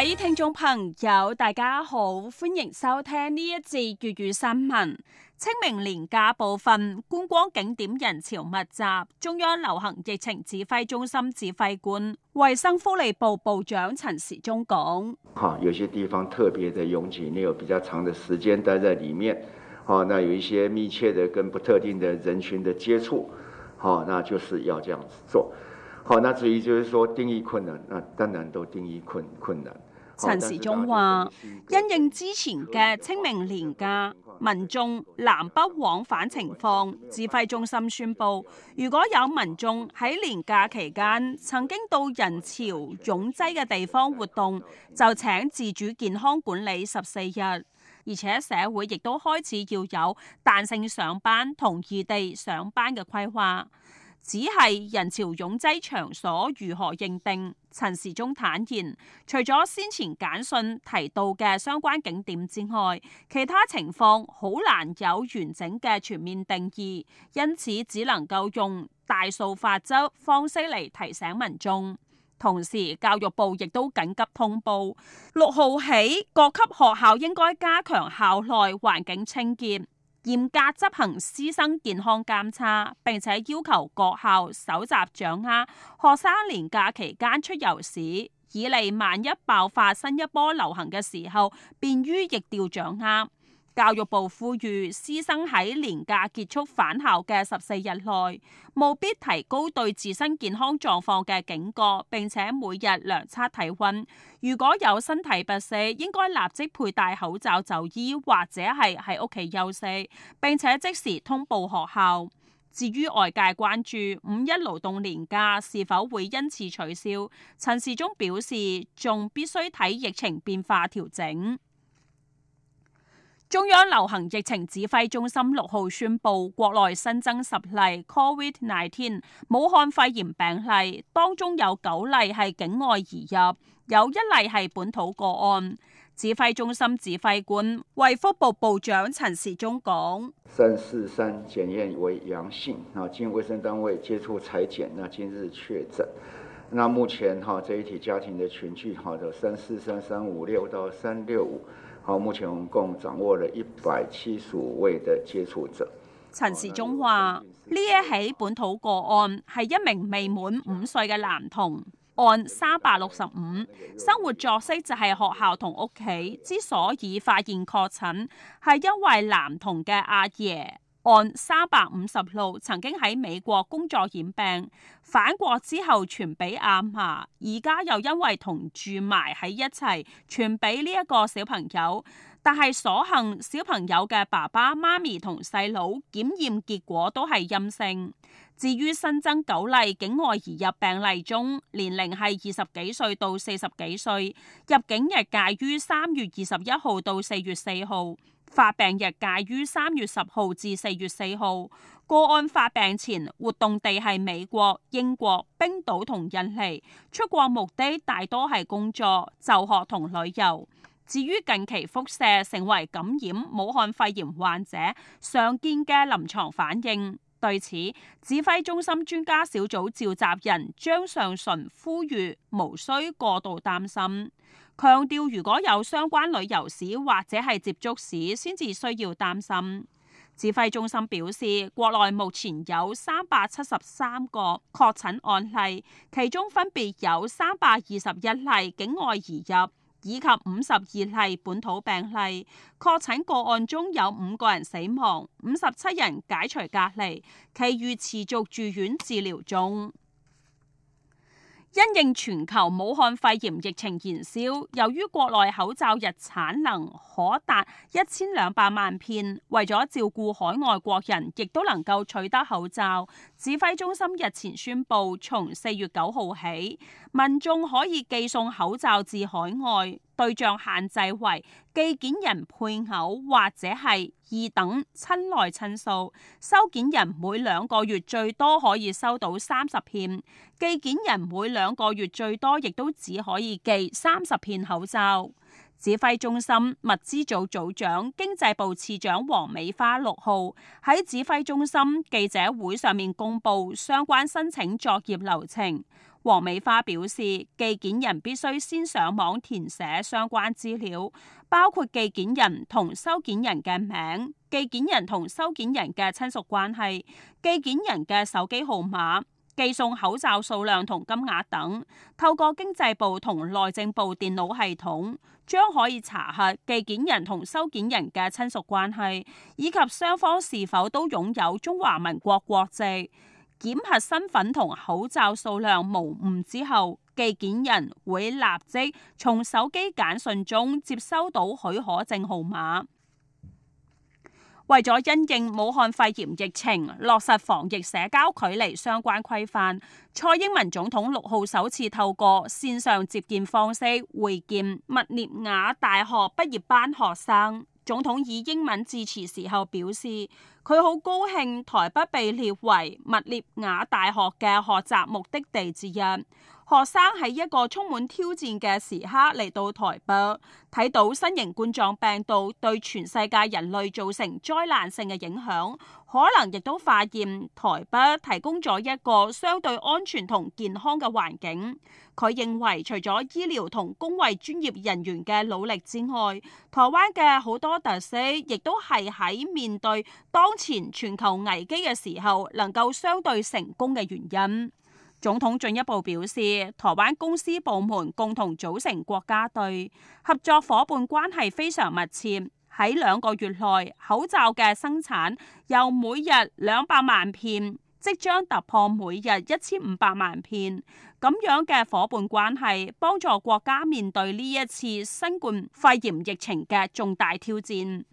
各位聽眾朋友，大家好，歡迎收聽呢一節粵語新聞。清明連假部分，觀光景點人潮密集。中央流行疫情指揮中心指揮官、衛生福利部部長陳時中講，有些地方特別的擁擠，你有比較長的時間待在裏面，好，那有一些密切的跟不特定的人群的接觸，好，那就是要這樣子做。好，那至於就是說定義困難，那當然都定義困困難。陳時中話，因應之前嘅清明連假，民眾南北往返情況，指揮中心宣佈，如果有民眾喺年假期間曾經到人潮擁擠嘅地方活動，就請自主健康管理十四日。而且社會亦都開始要有彈性上班同異地上班嘅規劃。只係人潮擁擠場所如何認定？陳時中坦言，除咗先前簡訊提到嘅相關景點之外，其他情況好難有完整嘅全面定義，因此只能夠用大數法則方式嚟提醒民眾。同時，教育部亦都緊急通報，六號起各級學校應該加強校內環境清潔。嚴格執行師生健康監察，並且要求各校搜集掌握學生年假期間出遊史，以利萬一爆發新一波流行嘅時候，便於疫調掌握。教育部呼籲師生喺年假結束返校嘅十四日內，務必提高對自身健康狀況嘅警覺，並且每日量測體溫。如果有身體不適，應該立即佩戴口罩就醫，或者係喺屋企休息，並且即時通報學校。至於外界關注五一勞動年假是否會因此取消，陳時中表示，仲必須睇疫情變化調整。中央流行疫情指揮中心六號宣布，國內新增十例 COVID-19 武漢肺炎病例，當中有九例係境外移入，有一例係本土個案。指揮中心指揮官衛福部部長陳時中講：，三四三檢驗為陽性，啊，經衛生單位接觸採檢，那今日確診。那目前哈，這一家家庭的群聚，哈，就三四三三五六到三六五。目前我共掌握了一百七十五位的接觸者。陳時中話呢一起本土個案係一名未滿五歲嘅男童，案三百六十五，生活作息就係學校同屋企。之所以發現確診，係因為男童嘅阿爺。案三百五十六曾經喺美國工作染病，返國之後傳俾阿嫲，而家又因為同住埋喺一齊，傳俾呢一個小朋友。但係所幸小朋友嘅爸爸媽媽弟弟，媽咪同細佬檢驗結果都係陰性。至於新增九例境外移入病例中，年齡係二十幾歲到四十幾歲，入境日介於三月二十一號到四月四號。發病日介於三月十號至四月四號，個案發病前活動地係美國、英國、冰島同印尼，出國目的大多係工作、就學同旅遊。至於近期腹瀉成為感染武漢肺炎患者常見嘅臨床反應，對此指揮中心專家小組召集人張上淳呼籲，無需過度擔心。強調，如果有相關旅遊史或者係接觸史，先至需要擔心。指揮中心表示，國內目前有三百七十三個確診案例，其中分別有三百二十一例境外移入，以及五十二例本土病例。確診個案中有五個人死亡，五十七人解除隔離，其餘持續住院治療中。因應全球武漢肺炎疫情燃燒，由於國內口罩日產能可達一千兩百萬片，為咗照顧海外國人，亦都能夠取得口罩，指揮中心日前宣布，從四月九號起，民眾可以寄送口罩至海外。對象限制為寄件人配偶或者係二等親內親屬，收件人每兩個月最多可以收到三十片，寄件人每兩個月最多亦都只可以寄三十片口罩。指揮中心物資組組長、經濟部次長黃美花六號喺指揮中心記者會上面公布相關申請作業流程。王美花表示，寄件人必須先上網填寫相關資料，包括寄件人同收件人嘅名、寄件人同收件人嘅親屬關係、寄件人嘅手機號碼、寄送口罩數量同金額等。透過經濟部同內政部電腦系統，將可以查核寄件人同收件人嘅親屬關係，以及雙方是否都擁有中華民國國籍。檢核身份同口罩數量無誤之後，寄件人會立即從手機簡訊中接收到許可證號碼。為咗因應武漢肺炎疫情，落實防疫社交距離相關規範，蔡英文總統六號首次透過線上接見方式會見密涅瓦大學畢業班學生。總統以英文致辭時候表示，佢好高興台北被列為密涅瓦大學嘅學習目的地之一。學生喺一個充滿挑戰嘅時刻嚟到台北，睇到新型冠狀病毒對全世界人類造成災難性嘅影響，可能亦都發現台北提供咗一個相對安全同健康嘅環境。佢認為，除咗醫療同公衞專業人員嘅努力之外，台灣嘅好多特色亦都係喺面對當前全球危機嘅時候能夠相對成功嘅原因。總統進一步表示，台灣公司部門共同組成國家隊，合作伙伴關係非常密切。喺兩個月內，口罩嘅生產由每日兩百萬片，即將突破每日一千五百萬片，咁樣嘅伙伴關係，幫助國家面對呢一次新冠肺炎疫情嘅重大挑戰。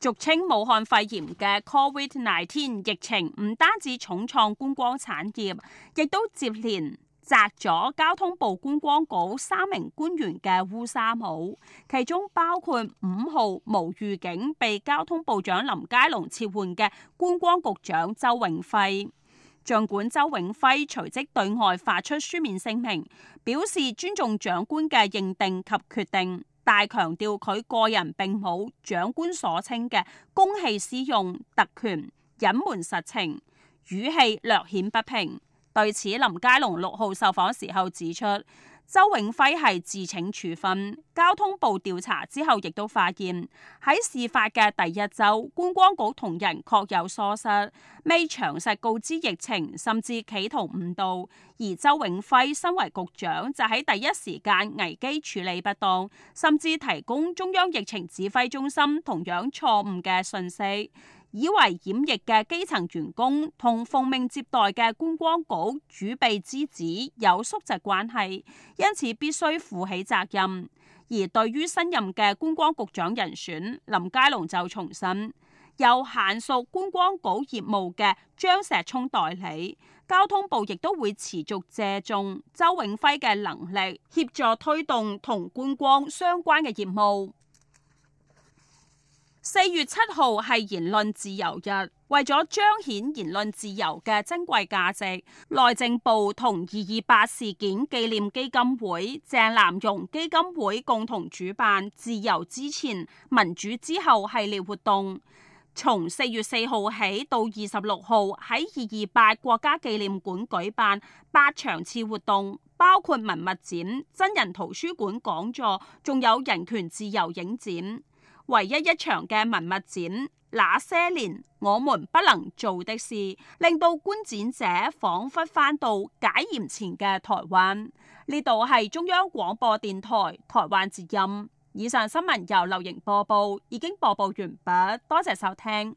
俗稱武漢肺炎嘅 COVID-19 疫情，唔單止重創觀光產業，亦都接連。摘咗交通部觀光局三名官員嘅烏紗帽，其中包括五號無預警被交通部長林佳龍撤換嘅觀光局長周永輝。儘管周永輝隨即對外發出書面聲明，表示尊重長官嘅認定及決定，但強調佢個人並冇長官所稱嘅公器私用、特權隱瞞實情，語氣略顯不平。對此，林佳龍六號受訪時候指出，周永暉係自請處分。交通部調查之後，亦都發現喺事發嘅第一週，觀光局同仁確有疏失，未詳實告知疫情，甚至企圖誤導。而周永暉身為局長，就喺第一時間危機處理不當，甚至提供中央疫情指揮中心同樣錯誤嘅訊息。以為檢疫嘅基層員工同奉命接待嘅觀光局主秘之子有叔侄關係，因此必須負起責任。而對於新任嘅觀光局長人選，林佳龍就重申，由嫻熟觀光局業務嘅張石聰代理。交通部亦都會持續借重周永暉嘅能力，協助推動同觀光相關嘅業務。四月七號係言論自由日，為咗彰顯言論自由嘅珍貴價值，內政部同二二八事件紀念基金會、鄭南榕基金會共同主辦“自由之前，民主之後”系列活動，從四月四號起到二十六號喺二二八國家紀念館舉辦八場次活動，包括文物展、真人圖書館講座，仲有人權自由影展。唯一一場嘅文物展，那些年我們不能做的事，令到觀展者仿佛返到解嚴前嘅台灣。呢度係中央廣播電台台灣之音。以上新聞由流瑩播報，已經播報完畢，多謝收聽。